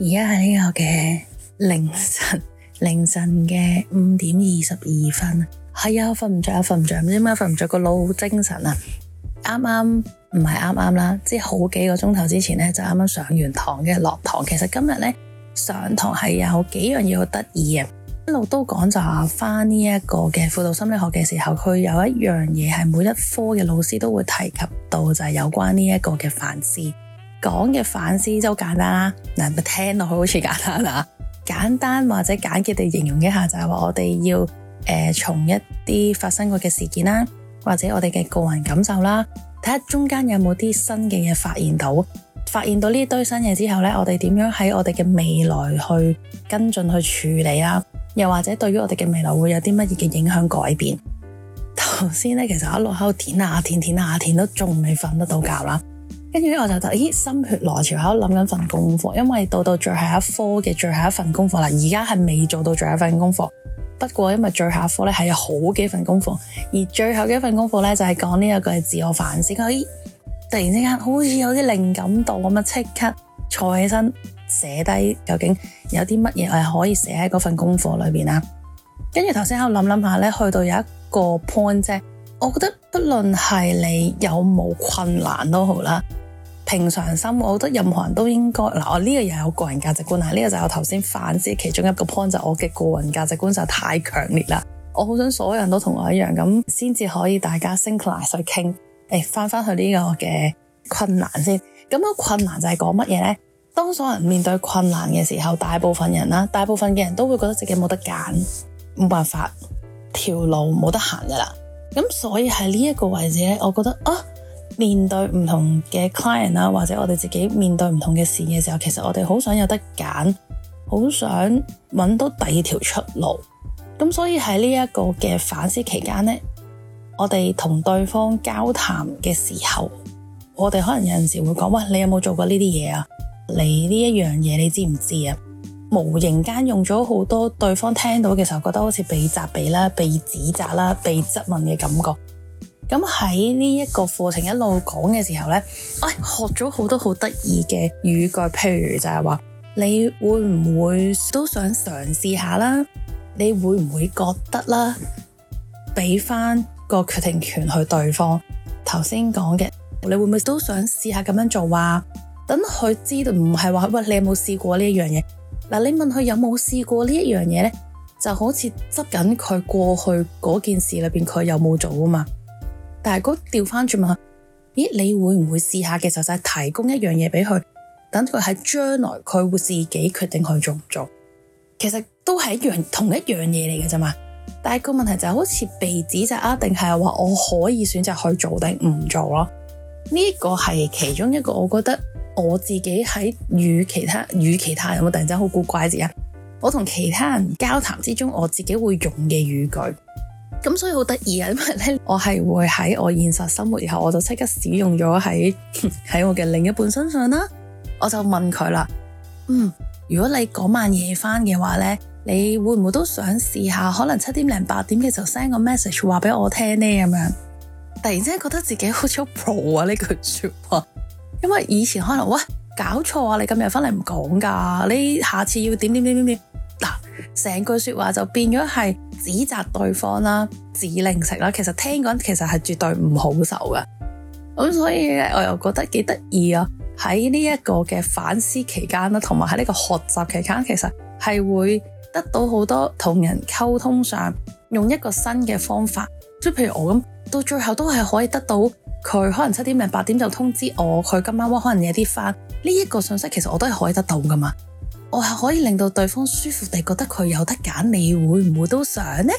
而家係呢個嘅凌晨，凌晨嘅五點二十二分。係、哎、啊，瞓唔着啊，瞓唔着，唔知點解瞓唔着，個腦好精神啊！啱啱唔係啱啱啦，即係好幾個鐘頭之前呢，就啱啱上完堂嘅落堂。其實今日呢，上堂係有幾樣嘢好得意嘅，一路都講就翻呢一個嘅輔導心理學嘅時候，佢有一樣嘢係每一科嘅老師都會提及到，就係有關呢一個嘅反思。講嘅反思就好簡單啦，嗱，聽落去好似簡單啦，簡單或者簡潔地形容一下就係話，我哋要誒從一啲發生過嘅事件啦，或者我哋嘅個人感受啦，睇下中間有冇啲新嘅嘢發現到，發現到呢堆新嘢之後呢，我哋點樣喺我哋嘅未來去跟進去處理啦？又或者對於我哋嘅未來會有啲乜嘢嘅影響改變？頭先呢，其實一路喺度舔啊舔舔啊舔，啊啊啊，都仲未瞓得到覺啦。跟住我就突然咦心血來潮，喺度諗緊份功課，因為到到最後一科嘅最後一份功課啦，而家係未做到最後一份功課。不過因為最後一科咧係有好幾份功課，而最後嘅一份功課咧就係講呢一個係自我反思。咦，突然之間好似有啲靈感度咁啊，即刻坐起身寫低究竟有啲乜嘢係可以寫喺嗰份功課裏邊啦。跟住頭先喺度諗諗下咧，去到有一個 point 啫，我覺得不論係你有冇困難都好啦。平常心，我覺得任何人都應該嗱，我呢個又係我個人價值觀啊！呢、呢個就係我頭先反思其中一個 point，就係、我嘅個人價值觀就太強烈啦。我好想所有人都同我一樣，咁先至可以大家 sync 去傾。誒、哎，翻翻去呢個嘅困難先。咁樣困難就係講乜嘢呢？當所有人面對困難嘅時候，大部分人啦，大部分嘅人都會覺得自己冇得揀，冇辦法條路冇得行噶啦。咁所以喺呢一個位置咧，我覺得啊。面對唔同嘅 client 啊，或者我哋自己面對唔同嘅事嘅時候，其實我哋好想有得揀，好想揾到第二條出路。咁所以喺呢一個嘅反思期間呢，我哋同對方交談嘅時候，我哋可能有陣時會講：喂，你有冇做過呢啲嘢啊？你呢一樣嘢你知唔知啊？無形間用咗好多對方聽到嘅時候，覺得好似被責備啦、被指責啦、被質問嘅感覺。咁喺呢一個課程一路講嘅時候呢，哎學咗好多好得意嘅語句，譬如就係話，你會唔會都想嘗試下啦？你會唔會覺得啦？俾翻個決定權去對方頭先講嘅，你會唔會都想試下咁樣做啊？等佢知道唔係話喂，你有冇試過呢一樣嘢？嗱，你問佢有冇試過呢一樣嘢呢，就好似執緊佢過去嗰件事裏邊，佢有冇做啊嘛？但係，如果調翻轉問，咦，你會唔會試下嘅時候，就係提供一樣嘢俾佢，等佢喺將來佢會自己決定佢做唔做。其實都係一樣同一樣嘢嚟嘅啫嘛。但係個問題就好似被指責啊，定係話我可以選擇去做定唔做咯？呢個係其中一個，我覺得我自己喺與其他與其他人，會突然之間好古怪嘅一樣，我同其他人交談之中，我自己會用嘅語句。咁所以好得意啊，因為咧，我係會喺我現實生活，以後我就即刻使用咗喺，喺我嘅另一半身上啦。我就問佢啦，嗯，如果你嗰晚夜翻嘅話咧，你會唔會都想試下？可能七點零八點嘅時候 send 個 message 話俾我聽呢？」咁樣突然之間覺得自己好似好 pro 啊！呢句說話，因為以前可能喂搞錯啊，你今日翻嚟唔講噶，你下次要點點點點點，嗱，成句說話就變咗係。指責對方啦，指令食啦，其實聽講其實係絕對唔好受㗎。咁所以咧，我又覺得幾得意啊！喺呢一個嘅反思期間啦，同埋喺呢個學習期間，其實係會得到好多同人溝通上用一個新嘅方法。即譬如我咁，到最後都係可以得到佢可能七點定八點就通知我，佢今晚可能有啲返呢一個信息，其實我都係可以得到噶嘛。我係可以令到對方舒服地覺得佢有得揀，你會唔會都想呢？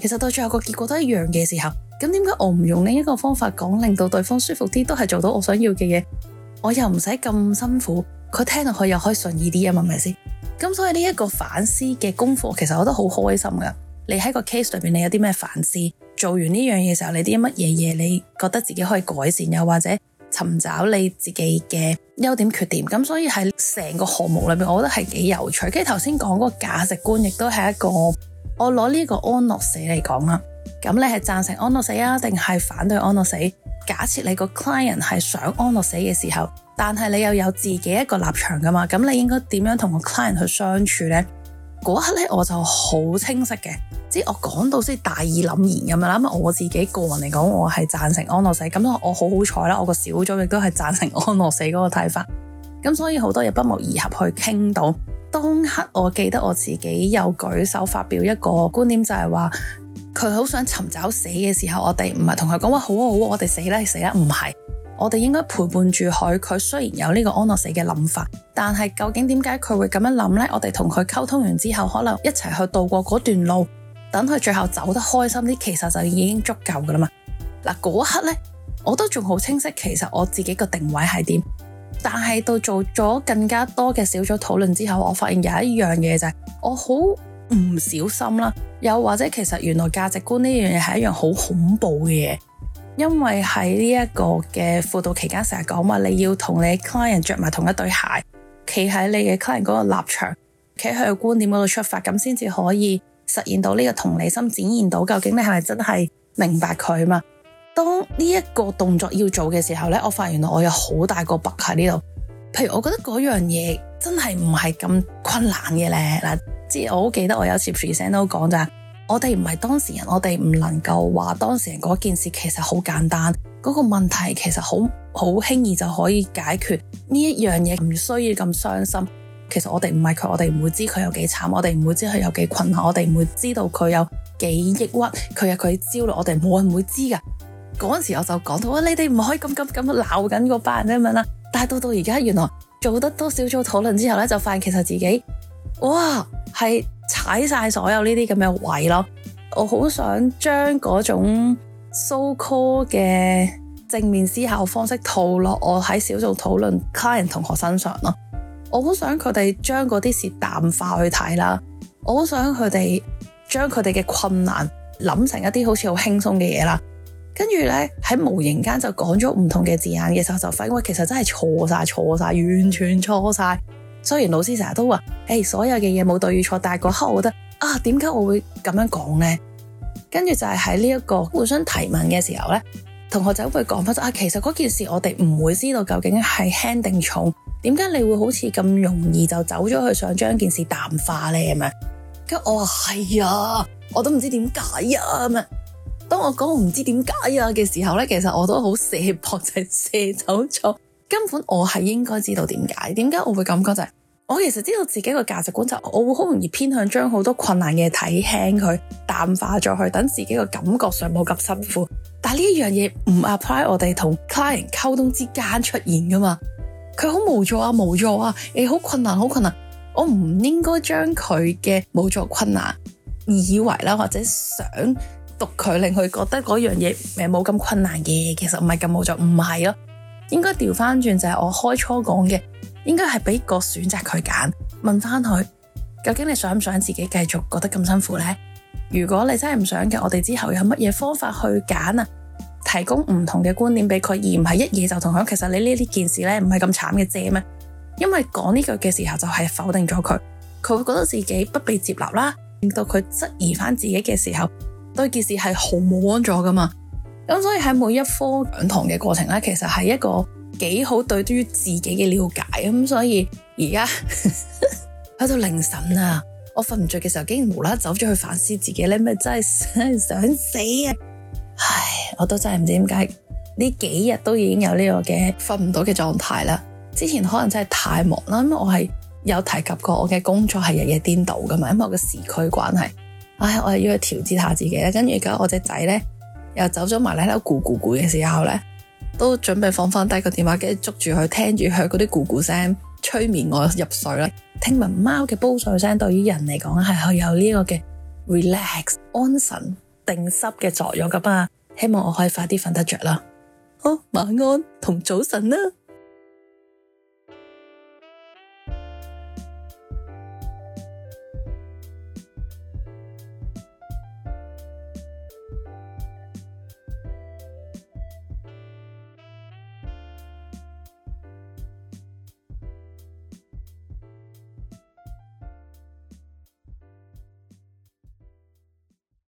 其實到最後個結果都一樣嘅時候，咁點解我唔用另一個方法講，令到對方舒服啲，都係做到我想要嘅嘢，我又唔使咁辛苦，佢聽落去又可以順意啲啊嘛，係咪先？咁所以呢一個反思嘅功課，其實我覺得好開心噶。你喺個 case 裏邊，你有啲咩反思？做完呢樣嘢時候，你啲乜嘢嘢，你覺得自己可以改善，又或者？尋找你自己嘅優點缺點，咁所以喺成個項目裏面，我覺得係幾有趣。跟住頭先講個價值觀，亦都係一個，我攞呢個安樂死嚟講啦。咁你係贊成安樂死啊，定係反對安樂死？假設你個 client 係想安樂死嘅時候，但係你又有自己一個立場噶嘛？咁你應該點樣同個 client 去相處呢？嗰刻咧，我就好清晰嘅，即係我講到先大義凜然咁樣啦。咁我自己個人嚟講，我係贊成安樂死。咁我好好彩啦，我個小組亦都係贊成安樂死嗰個睇法。咁所以好多嘢不謀而合去傾到。當刻我記得我自己有舉手發表一個觀點就，就係話佢好想尋找死嘅時候，我哋唔係同佢講話好啊好啊，我哋死啦死啦，唔係。我哋應該陪伴住佢，佢雖然有呢個安樂死嘅諗法，但係究竟點解佢會咁樣諗呢？我哋同佢溝通完之後，可能一齊去度過嗰段路，等佢最後走得開心啲，其實就已經足夠噶啦嘛。嗱，嗰刻呢，我都仲好清晰，其實我自己個定位係點。但係到做咗更加多嘅小組討論之後，我發現有一樣嘢就係、是、我好唔小心啦。又或者，其實原來價值觀呢樣嘢係一樣好恐怖嘅嘢。因為喺呢一個嘅輔導期間，成日講話你要同你 client 着埋同一對鞋，企喺你嘅 client 嗰個立場，企喺佢嘅觀點嗰度出發，咁先至可以實現到呢個同理心，展現到究竟你係咪真係明白佢嘛？當呢一個動作要做嘅時候呢，我發現原來我有好大個 bug 喺呢度。譬如我覺得嗰樣嘢真係唔係咁困難嘅咧，嗱，之係我好記得我有次 p e r 都講咋。我哋唔係當事人，我哋唔能夠話當事人嗰件事其實好簡單，嗰個問題其實好好輕易就可以解決。呢一樣嘢唔需要咁傷心。其實我哋唔係佢，我哋唔會知佢有幾慘，我哋唔會知佢有幾困難，我哋唔會知道佢有幾抑鬱，佢啊，佢焦慮，我哋冇人會知噶。嗰陣時我就講到啊，你哋唔可以咁咁咁鬧緊嗰班人咁樣啦。但係到到而家，原來做得多少組討論之後咧，就發現其實自己，哇，係～踩晒所有呢啲咁嘅位咯，我好想將嗰種 so call 嘅正面思考方式套落我喺小組討論 client 同學身上咯。我好想佢哋將嗰啲事淡化去睇啦，我好想佢哋將佢哋嘅困難諗成一啲好似好輕鬆嘅嘢啦。跟住咧，喺無形間就講咗唔同嘅字眼嘅時候就發現，「喂，其實真係錯晒，錯晒，完全錯晒。」雖然老師成日都話，誒，所有嘅嘢冇對與錯，但係嗰刻我覺得啊，點解我會咁樣講呢？跟住就係喺呢一個互相提問嘅時候呢，同學仔會講翻就啊，其實嗰件事我哋唔會知道究竟係輕定重，點解你會好似咁容易就走咗去想將件事淡化呢？咁樣？跟住我話係啊，我都唔知點解啊咁啊。當我講唔知點解啊嘅時候呢，其實我都好射博就射走咗。根本我係應該知道點解，點解我會咁講就係、是，我其實知道自己個價值觀就是、我會好容易偏向將好多困難嘅嘢睇輕佢淡化咗去，等自己個感覺上冇咁辛苦。但係呢一樣嘢唔 apply 我哋同 client 溝通之間出現㗎嘛？佢好無助啊無助啊，你好、啊欸、困難好困難，我唔應該將佢嘅冇助困難以為啦或者想讀佢令佢覺得嗰樣嘢誒冇咁困難嘅，其實唔係咁無助，唔係咯。應該調翻轉就係我開初講嘅，應該係俾個選擇佢揀，問翻佢究竟你想唔想自己繼續覺得咁辛苦呢？如果你真係唔想嘅，我哋之後有乜嘢方法去揀啊？提供唔同嘅觀點俾佢，而唔係一嘢就同佢。」其實你呢啲件事咧唔係咁慘嘅啫咩？因為講呢句嘅時候就係否定咗佢，佢會覺得自己不被接納啦，令到佢質疑翻自己嘅時候對件事係毫無幫助噶嘛。咁、嗯、所以喺每一科講堂嘅過程咧，其實係一個幾好對於自己嘅了解。咁、嗯、所以而家喺度凌晨啊，我瞓唔着嘅時候，竟然無啦走咗去反思自己咧，咪真係想，想死啊！唉，我都真係唔知點解呢幾日都已經有呢個嘅瞓唔到嘅狀態啦。之前可能真係太忙啦，咁我係有提及過我嘅工作係日夜顛倒噶嘛，因為我嘅時區關係。唉，我係要去調節下自己咧，跟住而家我只仔咧。又走咗埋嚟喺度咕咕咕嘅時候呢，都準備放翻低個電話，跟住捉住佢聽住佢嗰啲咕咕聲催眠我入睡啦。 聽聞貓嘅煲水聲對於人嚟講係有呢個嘅 relax 安神定心嘅作用㗎嘛、啊，希望我可以快啲瞓得着啦。好、啊，晚安同早晨啦。